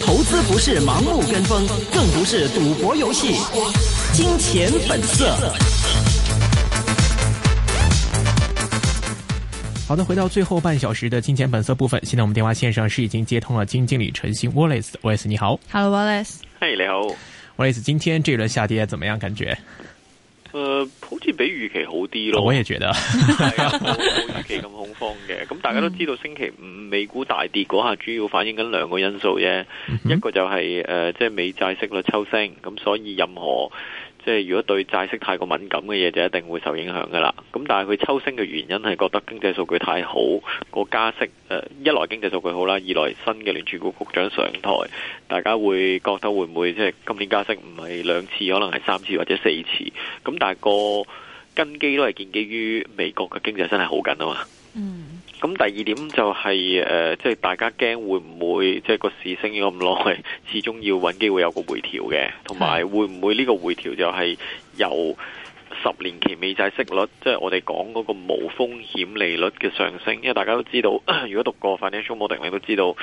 投資不是盲目跟風，更不是賭博遊戲。金錢本色。好的，回到最後半小時的金錢本色部分。現在我們電話線上是已經接通了金經理陳昕 Wallace，Wallace 你好。Hello Wallace，hello Wallace。今天這一輪下跌怎麼樣感覺？誒、呃，好似比預期好啲咯，我也覺得，係 啊，冇預期咁恐慌嘅。咁、嗯、大家都知道，星期五美股大跌嗰下，主要反映緊兩個因素啫，嗯、哼一個就係、是、誒、呃，即係美債息率抽升，咁所以任何。即係如果對債息太過敏感嘅嘢，就一定會受影響㗎喇。咁但係佢抽升嘅原因係覺得經濟數據太好，個加息誒一來經濟數據好喇，二來新嘅聯儲局局長上台，大家會覺得會唔會即係今年加息唔係兩次，可能係三次或者四次？咁但係個根基都係建基於美國嘅經濟真係好緊吖嘛。咁第二點就係誒，即係大家驚會唔會即係個市升咗咁耐，始終要搵機會有個回調嘅，同埋會唔會呢個回調就係由十年期美債息率，即係我哋講嗰個無風險利率嘅上升，因為大家都知道，如果讀過 financial model 你都知道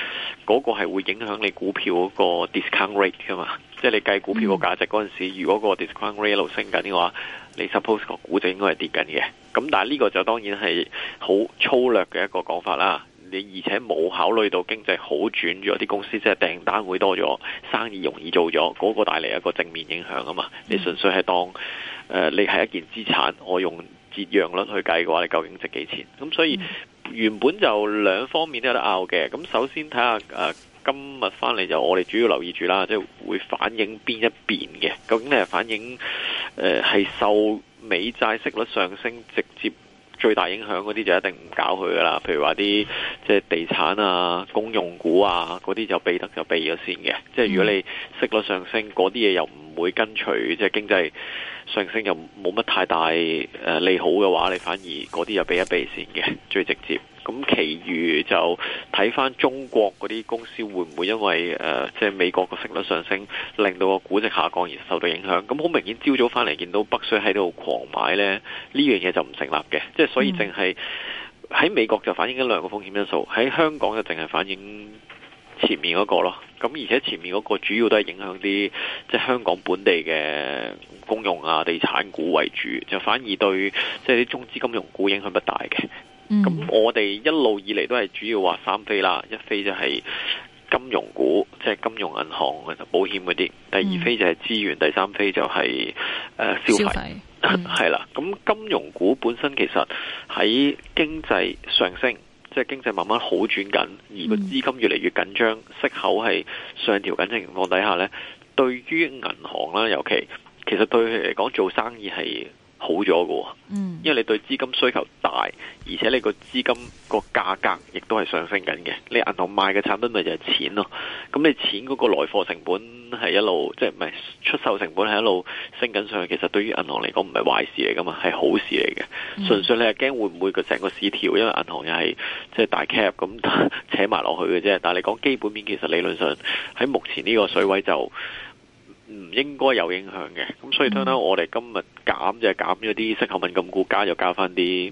嗰個係會影響你股票個 discount rate 噶嘛，即係你計股票個價值嗰陣時，如果個 discount rate 一路升緊嘅話，你 suppose 個股就應該係跌緊嘅。咁但係呢個就當然係好粗略嘅一個講法啦。你而且冇考慮到經濟好轉咗，啲公司即係訂單會多咗，生意容易做咗，嗰個帶嚟一個正面影響啊嘛。你純粹係當。誒，你係一件資產，我用折讓率去計嘅話，你究竟值幾錢？咁所以原本就兩方面都有得拗嘅。咁首先睇下誒，今日翻嚟就我哋主要留意住啦，即係會反映邊一邊嘅，究竟你係反映誒，係受美債息率上升直接最大影響嗰啲，就一定唔搞佢噶啦。譬如話啲即係地產啊、公用股啊嗰啲就避得就避咗先嘅。即係如果你息率上升，嗰啲嘢又唔會跟隨即係經濟。上升又冇乜太大誒利好嘅話，你反而嗰啲又避一避先嘅最直接。咁，其餘就睇翻中國嗰啲公司會唔會因為誒即係美國個息率上升，令到個股值下降而受到影響。咁好明顯朝早翻嚟見到北水喺度狂買咧，呢樣嘢就唔成立嘅。即係所以，淨係喺美國就反映緊兩個風險因素，喺香港就淨係反映。前面嗰，那個咯，咁而且前面嗰個主要都係影響啲即係香港本地嘅公用啊、地產股為主，就反而對即係啲中資金融股影響不大嘅。咁、嗯、我哋一路以嚟都係主要話三飛啦，一飛就係金融股，即、就、係、是、金融銀行保險嗰啲；第二飛就係資源，嗯、第三飛就係、是呃、消費，係啦。咁、嗯、 金融股本身其實喺經濟上升。即係經濟慢慢好轉緊，而個資金越嚟越緊張，息口係上調緊情況底下呢。對於銀行啦，尤其其實對佢嚟講做生意係好咗嘅喎，因為你對資金需求大，而且你個資金個價格亦都係上升緊嘅。你銀行賣嘅產品咪就係錢咯，咁你錢嗰個來貨成本。係一路即係唔係出售成本係一路升緊上去，其實對於銀行嚟講唔係壞事嚟噶嘛，係好事嚟嘅。純粹你係驚會唔會佢成個市調，因為銀行又係即係大 cap 咁扯埋落去嘅啫。但係你講基本面，其實理論上喺目前呢個水位就唔應該有影響嘅。咁、mm hmm. 所以當我哋今日減就係減咗啲適合敏感股價，加就加翻啲。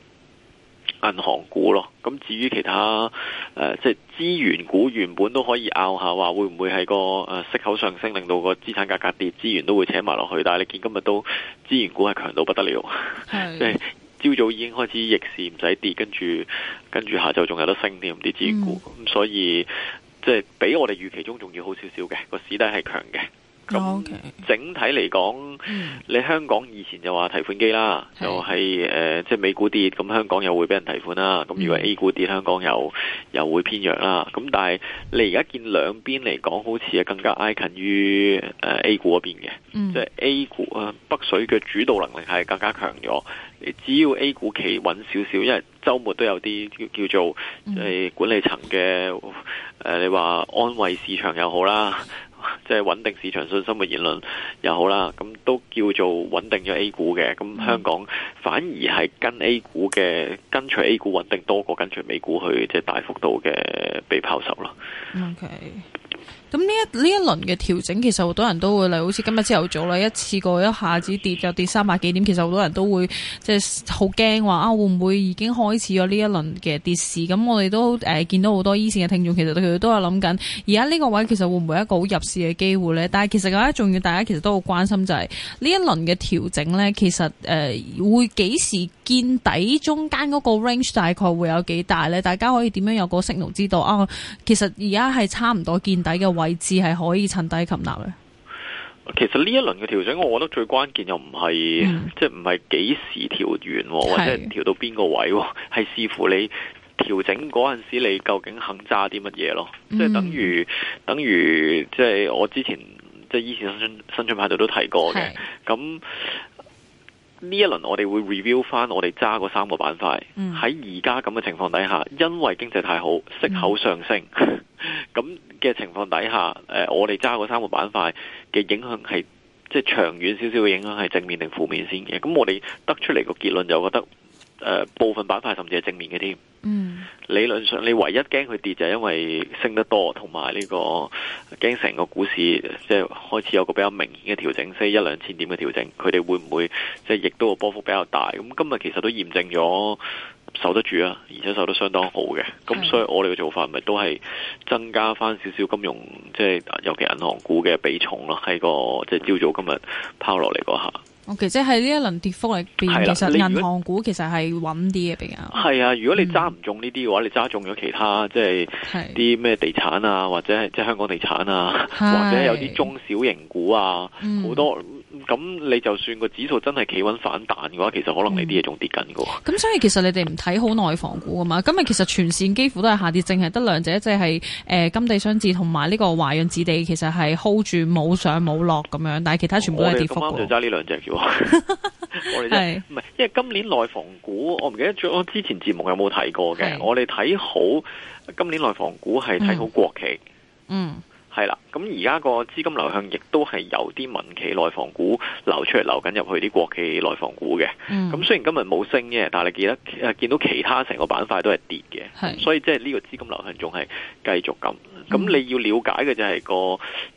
銀行股咯，咁至於其他誒，即係資源股原本都可以拗下，話會唔會係個誒息口上升，令到個資產價格，格跌，資源都會扯埋落去。但係你見今日都資源股係強到不得了，即係朝早已經開始逆市唔使跌，跟住跟住下晝仲有得升啲啲資源股，咁、嗯、所以即係比我哋預期中仲要好少少嘅，個市底係強嘅。咁整體嚟講，Okay. 你香港以前就話提款機啦，是就係誒，即係美股跌，咁香港又會俾人提款啦。咁、mm. 如果 A 股跌，香港又又會偏弱啦。咁但係你而家見兩邊嚟講，好似係更加挨近於誒 A 股嗰邊嘅。即係、mm. A 股啊，北水嘅主導能力係更加強咗。你只要 A 股企穩少少，因為週末都有啲叫做誒管理層嘅誒，你話安慰市場又好啦。即係穩定市場信心嘅言論又好啦，咁都叫做穩定咗 A 股嘅。咁香港反而係跟 A 股嘅，跟隨 A 股穩定多過跟隨美股去，即係大幅度嘅被拋售咯。OK。咁呢一呢一輪嘅調整，其實好多人都會嚟，好似今日朝頭早啦，一次過一下子跌就跌三百幾點，其實好多人都會即係好驚話啊，會唔會已經開始咗呢一輪嘅跌市？咁我哋都誒、呃、見到好多依、e、線嘅聽眾，其實佢哋都有諗緊，而家呢個位其實會唔會一個好入市嘅機會咧？但係其實我覺得重要，大家其實都好關心就係、是、呢一輪嘅調整咧，其實誒、呃、會幾時見底？中間嗰個 range 大概會有幾大咧？大家可以點樣有個 signal 知道啊？其實而家係差唔多見底嘅。位置係可以趁低吸納嘅。其實呢一輪嘅調整，我覺得最關鍵又唔係，嗯、即係唔係幾時調完，或者係調到邊個位，係視乎你調整嗰陣時，你究竟肯揸啲乜嘢咯。即係等於、嗯、等於，即係我之前即係以前新新新春派對都提過嘅。咁是呢一輪我哋會 review 翻，我哋揸嗰三個板塊，喺而家咁嘅情況底下，因為經濟太好，息口上升，咁嘅、嗯、 情況底下，誒，我哋揸嗰三個板塊嘅影響係，即係長遠少少嘅影響係正面定負面先嘅。咁我哋得出嚟個結論就覺得，誒、呃，部分板塊甚至係正面嘅添。嗯理論上，你唯一驚佢跌就係因為升得多，同埋呢個驚成個股市即係、就是、開始有個比較明顯嘅調整，即係一兩千點嘅調整，佢哋會唔會即係亦都個波幅比較大？咁今日其實都驗證咗守得住啊，而且守得相當好嘅。咁所以我哋嘅做法咪都係增加返少少金融，即係尤其銀行股嘅比重咯，喺個即係朝早今日拋落嚟嗰下。其實、okay，即係呢一輪跌幅裏邊，的其實銀行股其實係穩啲嘅比較。係啊，如果你揸唔中呢啲嘅話，嗯、你揸中咗其他，即係啲咩地產啊，或者係即係香港地產啊，是的或者係有啲中小型股啊，好、嗯、多。咁你就算個指數真係企穩反彈嘅話，其實可能你啲嘢仲跌緊喎。咁、嗯、所以其實你哋唔睇好內房股㗎嘛，今日其實全線幾乎都係下跌，淨係得兩隻即係誒金地、商置同埋呢個華潤置地，其實係 hold 住冇上冇落咁樣，但係其他全部都係跌幅。我哋就揸呢兩隻叫。 我哋即係，唔係， 因為今年內房股，我唔記得我之前節目有冇提過嘅，是我哋睇好今年內房股係睇好國企。嗯。嗯係啦，咁而家個資金流向亦都係由啲民企內房股流出嚟，流緊入去啲國企內房股嘅。咁、嗯、雖然今日冇升嘅，但係你記得，見到其他成個板塊都係跌嘅。的所以即係呢個資金流向仲係繼續咁。咁、嗯、你要了解嘅就係個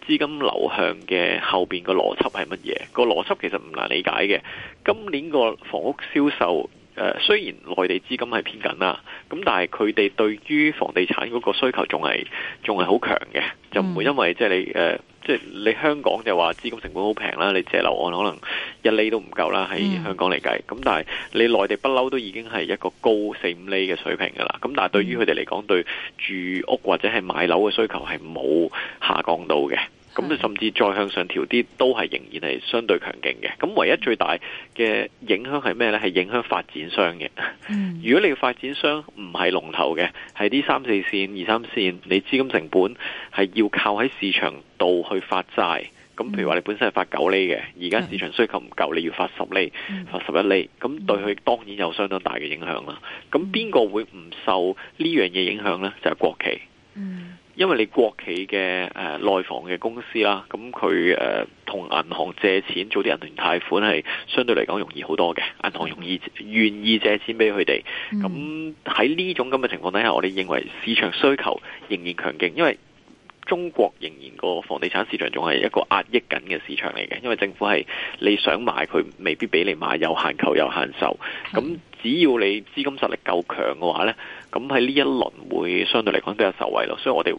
資金流向嘅後邊個邏輯係乜嘢？個邏輯其實唔難理解嘅。今年個房屋銷售。誒，雖然內地資金係偏緊啦，咁但係佢哋對於房地產嗰個需求仲係仲係好強嘅，就唔會因為即係、嗯、你誒，即、就、係、是、你香港就話資金成本好平啦，你借樓按可能一厘都唔夠啦，喺香港嚟計，咁、嗯、但係你內地不嬲都已經係一個高四五厘嘅水平噶啦，咁但係對於佢哋嚟講，對住屋或者係買樓嘅需求係冇下降到嘅。咁，你甚至再向上調啲，都係仍然係相對強勁嘅。咁唯一最大嘅影響係咩呢？係影響發展商嘅。嗯、如果你嘅發展商唔係龍頭嘅，係啲三四線、二三線，你資金成本係要靠喺市場度去發債。咁譬如話，你本身係發九厘嘅，而家市場需求唔夠，你要發十厘、嗯、發十一厘，咁對佢當然有相當大嘅影響啦。咁邊個會唔受呢樣嘢影響呢？就係、係、國企。嗯因為你國企嘅內房嘅公司啦，咁佢同銀行借錢做啲銀團貸款係相對嚟講容易好多嘅，銀行容易願意借錢俾佢哋。咁喺呢種咁嘅情況底下，我哋認為市場需求仍然強勁，因為，中國仍然個房地產市場仲係一個壓抑緊嘅市場嚟嘅，因為政府係你想買佢未必俾你買，有限購有限售。咁只要你資金實力夠強嘅話呢，咁喺呢一輪會相對嚟講都有受惠咯。所以我哋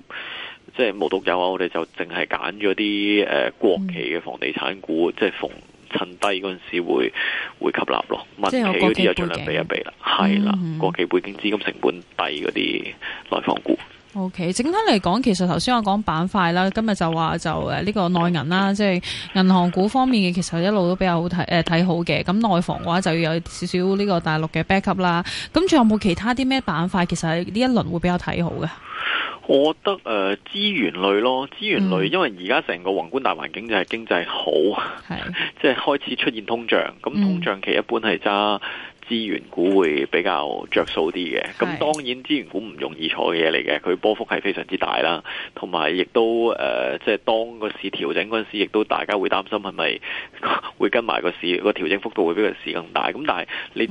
即係無獨有啊，我哋就淨係揀咗啲國企嘅房地產股，即係逢趁低嗰陣時會會吸納咯。民企嗰啲就盡量避一避啦，係啦，國企背景資金成本低嗰啲內房股。O、okay, K，整體嚟講，其實頭先我講板塊啦，今日就話就誒呢個內銀啦，即係銀行股方面嘅，其實一路都比較好睇誒睇好嘅。咁內房嘅話就要有少少呢個大陸嘅 backup 啦。咁仲有冇其他啲咩板塊？其實喺呢一輪會比較睇好嘅？我覺得誒資、呃、源類咯，資源類，嗯、因為而家成個宏觀大環境就係經濟好，係是即係開始出現通脹。咁通脹期一般係揸。嗯資源股會比較着數啲嘅，咁當然資源股唔容易坐嘢嚟嘅，佢波幅係非常之大啦，同埋亦都誒，即、呃、係、就是、當個市調整嗰陣時，亦都大家會擔心係咪會跟埋個市，個調整幅度會比個市更大？咁但係你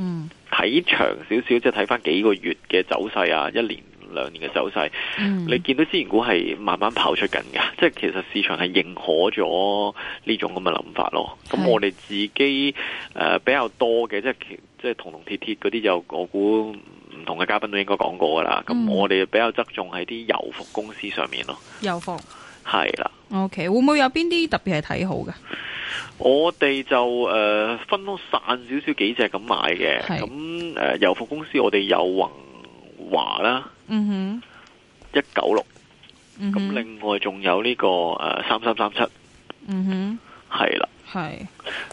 睇長少少，嗯、即係睇返幾個月嘅走勢啊，一年，兩年嘅走勢，嗯、你見到資源股係慢慢跑出緊嘅，即係其實市場係認可咗呢種咁嘅諗法咯。咁是我哋自己誒、呃、比較多嘅，即係即係銅銅鐵鐵嗰啲，就我估唔同嘅嘉賓都應該講過噶啦。咁、嗯、我哋比較側重喺啲油服公司上面咯。油服係啦。O、okay. K，會唔會有邊啲特別係睇好嘅？我哋就誒、呃、分開散少少幾隻咁買嘅。咁誒是、呃、油服公司我哋有宏華啦。嗯哼，一九六，咁另外仲有呢個誒三三三七，嗯哼，係啦，係，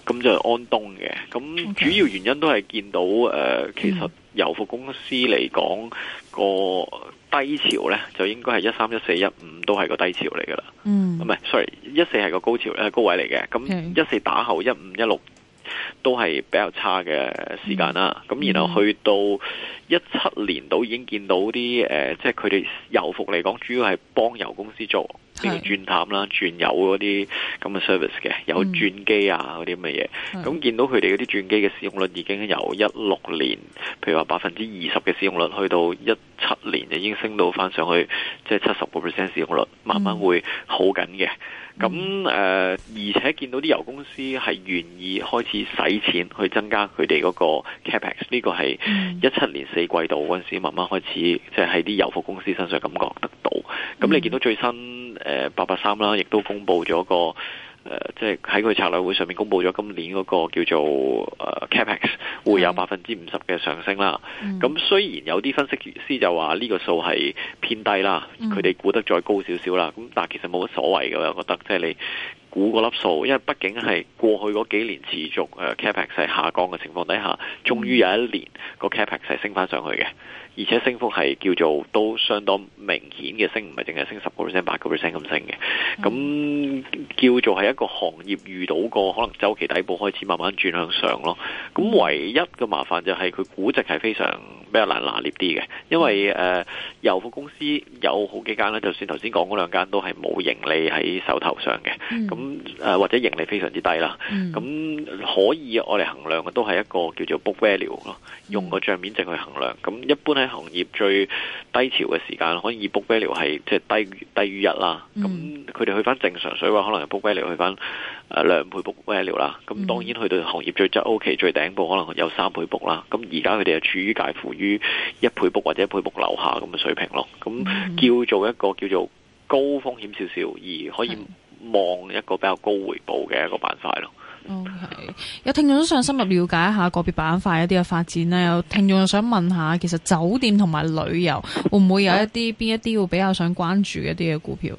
咁就係安東嘅，咁主要原因都係見到誒，其實油服公司嚟講個低潮咧，就應該係一三一四一五都係個低潮嚟噶啦，嗯，唔係，sorry，一四係個高潮，係高位嚟嘅，咁一四打後一五一六。都係比較差嘅時間啦，咁然後去到一七年度，已經見到啲誒，即係佢哋油服嚟講，主要係幫油公司做。鑽探啦、鑽油嗰啲咁嘅 service 嘅，有鑽機啊嗰啲咁嘅嘢，咁、嗯、見到佢哋嗰啲鑽機嘅使用率已經由一六年，譬如話百分之二十嘅使用率，去到一七年就已經升到翻上去，即係七十個 percent 使用率，慢慢會好緊嘅。咁誒、嗯呃，而且見到啲油公司係願意開始使錢去增加佢哋嗰個 capex，呢個係一七年四季度嗰時、嗯、慢慢開始，即係喺啲油服公司身上感覺得到。咁你見到最新，誒八八三啦，亦都公布咗個誒，即係喺佢策略會上面公布咗今年嗰個叫做誒 CapEx 會有百分之五十嘅上升啦。咁雖然有啲分析師就話呢個數係偏低啦，佢哋估得再高少少啦。咁但係其實冇乜所謂嘅，我覺得即係你估嗰粒數，因為畢竟係過去嗰幾年持續誒、uh, CapEx 係下降嘅情況底下，終於有一年個 CapEx 係升翻上去嘅，而且升幅係叫做都相當明顯嘅升，唔係淨係升十個 percent，八個 percent 咁升嘅。咁叫做係一個行業遇到個可能周期底部開始慢慢轉向上咯。咁唯一嘅麻煩就係佢估值係非常。比較難拿捏啲嘅，因為誒油服公司有好幾間咧，就算頭先講嗰兩間都係冇盈利喺手頭上嘅，咁、嗯呃、或者盈利非常之低啦。咁、嗯、可以我哋衡量嘅都係一個叫做 book value 咯，嗯，用個帳面值去衡量。咁一般喺行業最低潮嘅時間，可以 book value 係即係低低於一啦。咁佢哋去翻正常水位，可能 book value 去翻兩倍 book value 啦。咁當然去到行業最質 O k 最頂部，可能有三倍 book 啦。咁而家佢哋係處於介乎於一倍股或者一倍股樓下咁嘅水平咯，咁叫做一個叫做高風險少少，而可以望一個比較高回報嘅一個板塊咯。Okay，有聽眾想深入了解一下個別板塊的一啲嘅發展呢？有聽眾又想問一下，其實酒店同埋旅遊會唔會有一啲邊 一啲會比較想關注一啲嘅股票？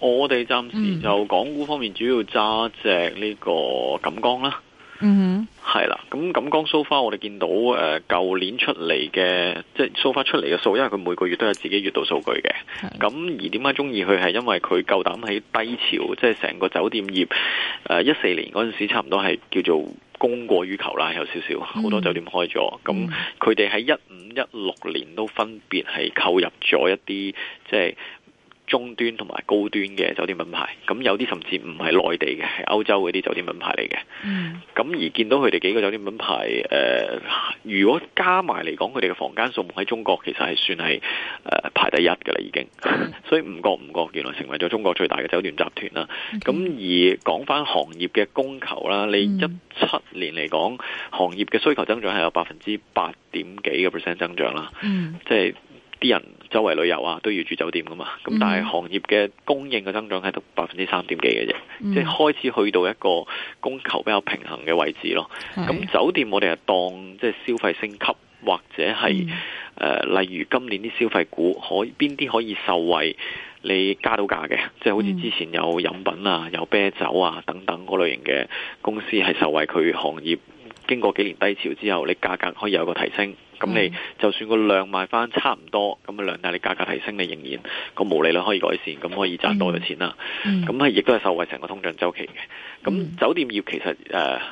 我哋暫時就港股方面主要揸隻呢個錦江啦。嗯咁錦江蘇花，嗯 so、我哋見到誒舊、呃、年出嚟嘅，即係蘇花出嚟嘅數，因為佢每個月都有自己月度數據嘅。咁的而點解中意佢係因為佢夠膽喺低潮，即係成個酒店業一四、呃、年嗰陣時，差唔多係叫做供過於求啦，有少少好多酒店開咗。咁佢哋喺一五一六年都分別係購入咗一啲即係。就是中端同埋高端嘅酒店品牌，咁有啲甚至唔係內地嘅，係歐洲嗰啲酒店品牌嚟嘅。咁、mm. 而見到佢哋幾個酒店品牌，誒、呃、如果加埋嚟講，佢哋嘅房間數目喺中國其實係算係誒、呃、排第一噶啦，已經。Mm. 所以唔覺唔覺，原來成為咗中國最大嘅酒店集團啦。咁 Okay. 而講翻行業嘅供求啦，你一七年嚟講行業嘅需求增長係有百分之八點幾嘅 percent 增長啦。即係。啲人周圍旅遊啊，都要住酒店㗎嘛，咁、嗯、但係行業嘅供應嘅增長係得百分之三點幾嘅啫，的嗯、即係開始去到一個供求比較平衡嘅位置咯。咁是酒店我哋係當即係消費升級，或者係誒、嗯呃、例如今年啲消費股可邊啲可以受惠？你加到價嘅，即係好似之前有飲品啊、有啤酒啊等等嗰類型嘅公司係受惠佢行業。經過幾年低潮之後，你價格可以有個提升，咁你就算個量賣翻差唔多，咁嘅量但係你價格提升，你仍然個毛利率可以改善，咁可以賺多咗錢啦。咁係亦都係受惠成個通脹周期嘅。咁酒店業其實誒亦、呃、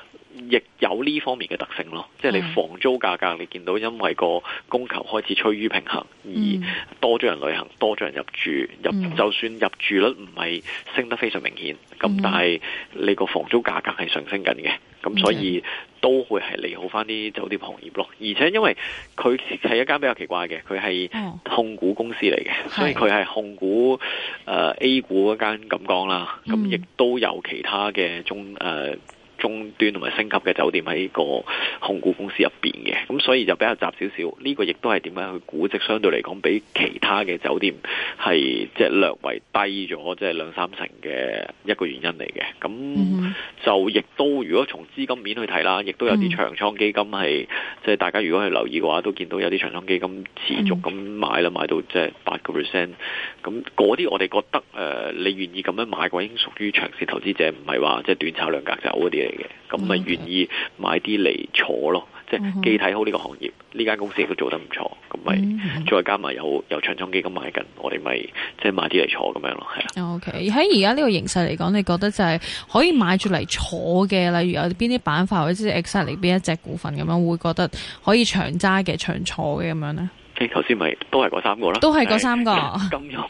有呢方面嘅特性咯，即係你房租價格你見到因為個供求開始趨於平衡，而多咗人旅行、多咗人入住，入就算入住率唔係升得非常明顯，咁但係你個房租價格係上升緊嘅，咁所以。都會係利好翻啲酒店行業咯，而且因為佢係一間比較奇怪嘅，佢係控股公司嚟嘅，嗯、所以佢係控股誒是、呃、A 股嗰間咁講啦，咁亦、嗯、都有其他嘅中誒。呃中端同埋升級嘅酒店喺個控股公司入邊嘅，咁所以就比較雜少少。呢個亦都係點解佢估值相對嚟講比其他嘅酒店係即係略為低咗，即係兩三成嘅一個原因嚟嘅。咁就亦都如果從資金面去睇啦，亦都有啲長倉基金係即係大家如果去留意嘅話，都見到有啲長倉基金持續咁買啦，嗯、買到即係八個 percent。咁嗰啲我哋覺得誒、呃，你願意咁樣買嘅話，已經屬於長線投資者，唔係話即係短炒兩格就好啲。咁咪願意買啲嚟坐咯，Okay. 即係既睇好呢個行業，呢間、mm hmm. 公司亦都做得唔錯，咁咪、mm hmm. 再加埋有有長倉基金買緊，我哋咪即係買啲嚟坐咁樣咯，係啊。O K，喺而家呢個形勢嚟講，你覺得就係可以買住嚟坐嘅，例如有邊啲板塊或者 exactly 邊一隻股份咁樣，會覺得可以長揸嘅、長坐嘅咁樣咧？你頭先咪都係嗰三個啦，都係嗰三個金融、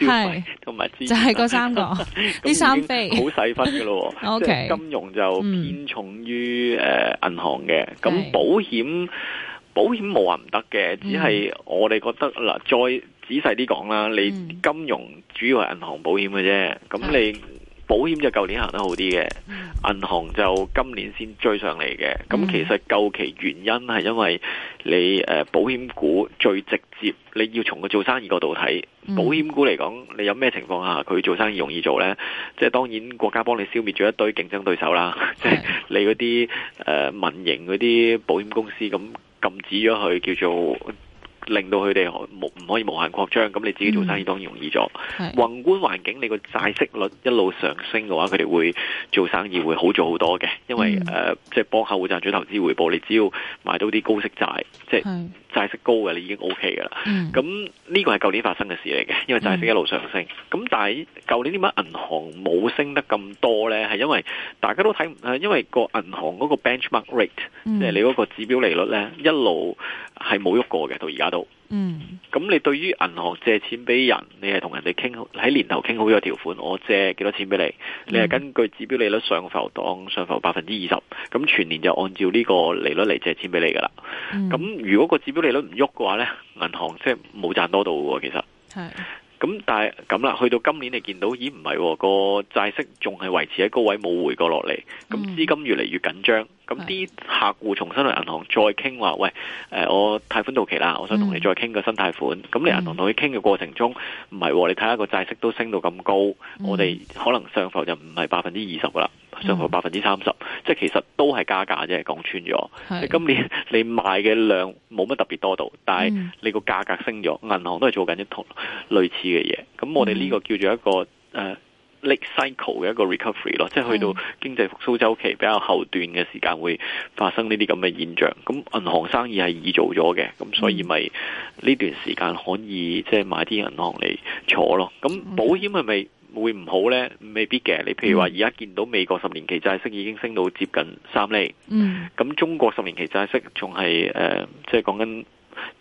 消費同埋資源，就係嗰三個。呢三隻好細分嘅咯喎。O K，金融就偏重於誒銀行嘅，咁保險，保險冇話唔得嘅，只係我哋覺得嗱，再仔細啲講啦。你金融主要係銀行保險嘅啫，咁你。保險就舊年行得好啲嘅，銀行就今年先追上嚟嘅。咁其實究其原因係因為你誒保險股最直接你要從佢做生意角度睇，保險股嚟講，你有咩情況下佢做生意容易做呢？即係當然國家幫你消滅咗一堆競爭對手啦，即係你嗰啲誒民營嗰啲保險公司咁禁止咗佢叫做。令到佢哋冇唔可以無限擴張，咁你自己做生意當然容易咗。Mm. 宏觀環境，你個債息率一路上升嘅話，佢哋會做生意會好做好多嘅，因為誒即係幫客戶賺取投資回報，你只要買到啲高息債，即係。Mm. 債息高嘅你已經 O K 嘅啦，咁呢、嗯、個係舊年發生嘅事嚟嘅，因為債息一路上升，咁、嗯、但係舊年點解銀行冇升得咁多咧？係因為大家都睇唔，因為個銀行嗰個 benchmark rate，即係你嗰個指標利率咧，一路係冇喐過嘅，到而家都。嗯，咁你對於銀行借錢俾人，你係同人哋傾好喺年頭傾好咗條款，我借幾多錢俾你，你係根據指標利率上浮，當上浮百分之二十，咁全年就按照呢個利率嚟借錢俾你噶啦。咁、嗯、如果個指標利率唔喐嘅話呢，銀行即係冇賺多到喎，其實係。咁但係咁啦，去到今年你見到咦，唔係喎，個債息仲係維持喺高位冇回過落嚟，咁資金越嚟越緊張，咁啲、嗯、客戶重新嚟銀行再傾話，喂、呃，我貸款到期啦，我想同你再傾個新貸款，咁你銀行同佢傾嘅過程中，唔係、嗯哦、你睇下個債息都升到咁高，嗯、我哋可能上浮就唔係百分之二十噶啦。上去百分之三十，嗯、即係其實都係加價啫，講穿咗。你是今年你賣嘅量冇乜特別多到，但係你個價格升咗，銀、嗯、行都係做緊一同類似嘅嘢。咁、嗯、我哋呢個叫做一個誒 late、uh, cycle 嘅一個 recovery 咯、嗯，即係去到經濟復蘇周期比較後段嘅時間會發生呢啲咁嘅現象。咁銀行生意係易做咗嘅，咁、嗯、所以咪呢段時間可以即係、就是、買啲銀行嚟坐咯。咁保險係咪？Okay. 會唔好呢？未必嘅。你譬如話而家見到美國十年期債息已經升到接近三厘，咁、嗯、中國十年期債息仲係誒，即係講緊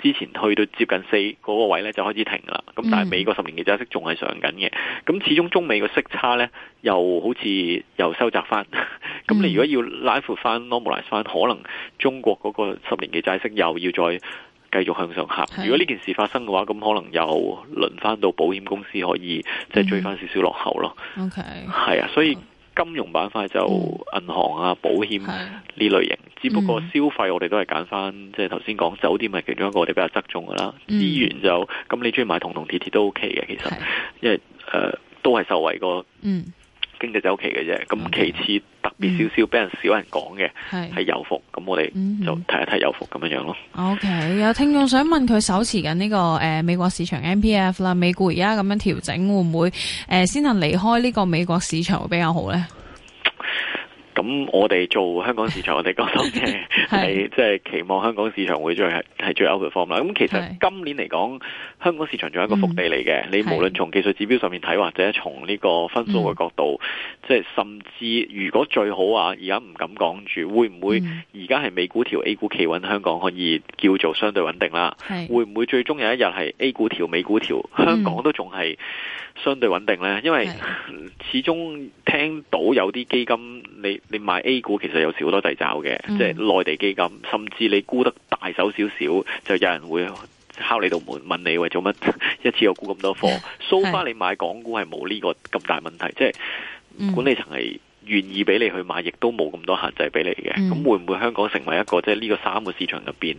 之前去到接近四嗰個位呢，就開始停啦。咁但係美國十年期債息仲係上緊嘅。咁、嗯、始終中美嘅息差呢，又好似又收窄翻。咁、嗯、 你如果要拉闊翻 normalize 翻，可能中國嗰個十年期債息又要再。繼續向上行，如果呢件事發生嘅話，咁可能又輪翻到保險公司可以即係、就是、追翻少少落後咯。係啊、mm hmm. okay.，所以金融板塊就銀行啊、mm hmm. 保險呢類型，只不過消費我哋都係揀翻，即係頭先講酒店係其中一個我哋比較側重噶啦。資源、mm hmm. 就咁你中意買銅銅鐵鐵都 OK 嘅，其實、mm hmm. 因為誒、呃、都係受惠個。Mm hmm. 期嘅啫，咁其次特別少少俾人少人講嘅係係油服，咁我哋就睇一睇油服咁樣樣咯。OK，有聽眾想問佢手持緊呢個誒美國市場 MPF 啦，美股而家咁樣調整會唔會誒先行離開呢個美國市場會比較好咧？咁我哋做香港市場，我哋覺得係即係期望香港市場會最係係最 outperform 啦。咁其實今年嚟講，是香港市場仲係一個福地嚟嘅。嗯、你無論從技術指標上面睇，或者從呢個分數嘅角度，即係、嗯、甚至如果最好啊，而家唔敢講住，會唔會而家係美股條 A 股企穩香港可以叫做相對穩定啦？是會唔會最終有一日係 A 股條美股條香港都仲係相對穩定咧？嗯、因為始終聽到有啲基金你。你買 A 股其實有少多掣肘嘅，嗯、即係內地基金，甚至你沽得大手少少，就有人會敲你道門問你喂為做乜一次又沽咁多貨是？So far 你買港股係冇呢個咁大問題，即係管理層係願意俾你去買，亦都冇咁多限制俾你嘅。咁、嗯、會唔會香港成為一個即係呢個三個市場入邊，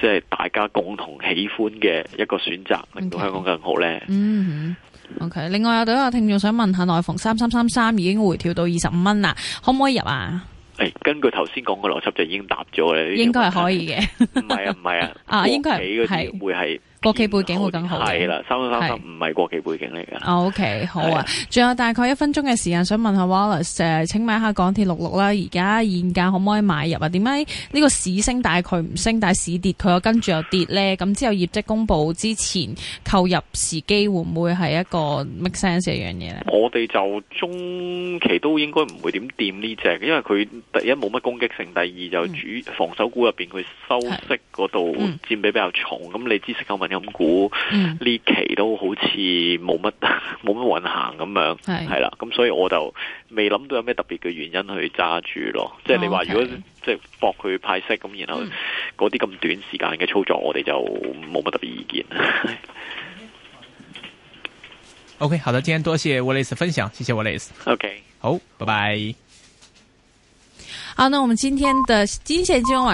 即係、嗯、大家共同喜歡嘅一個選擇，令到香港更好呢？嗯嗯嗯 OK，另外有對個聽眾想問下，內房三三三三已經回調到二十五蚊啦，可唔可以入啊？誒、欸，根據頭先講嘅邏輯就已經答咗啦，應該係可以嘅。唔係 啊，唔係啊，啊，國企 應該係會係。是國企背景會更好。係啦，三三三唔係國企背景嚟㗎。OK，好啊。仲是有大概一分鐘嘅時間，想問下 Wallace，誒，請問一下港鐵六六啦。而家現價可唔可以買入啊？點解呢個市升，但係佢唔升，但係市跌，佢又跟住又跌咧？咁 之後業績公布之前，購入時機會唔會係一個 make sense 嘅樣嘢咧？我哋就中期都應該唔會點掂呢隻，因為佢第一冇乜攻擊性，第二就主防守股入邊佢收息嗰度佔比比較重。咁你知識嘅問？嗯嗯港股呢期都好似冇乜冇乜運行咁樣，係啦是，咁、嗯、所以我就未諗到有咩特別嘅原因去揸住咯。即係你話如果 Okay. 即係博佢派息，咁然後嗰啲咁短時間嘅操作，嗯、我哋就冇乜特別意見。OK，好的，今天多謝 Wallace 分享，謝謝 Wallace。OK，好，拜拜。好，那我們今天的金錢金融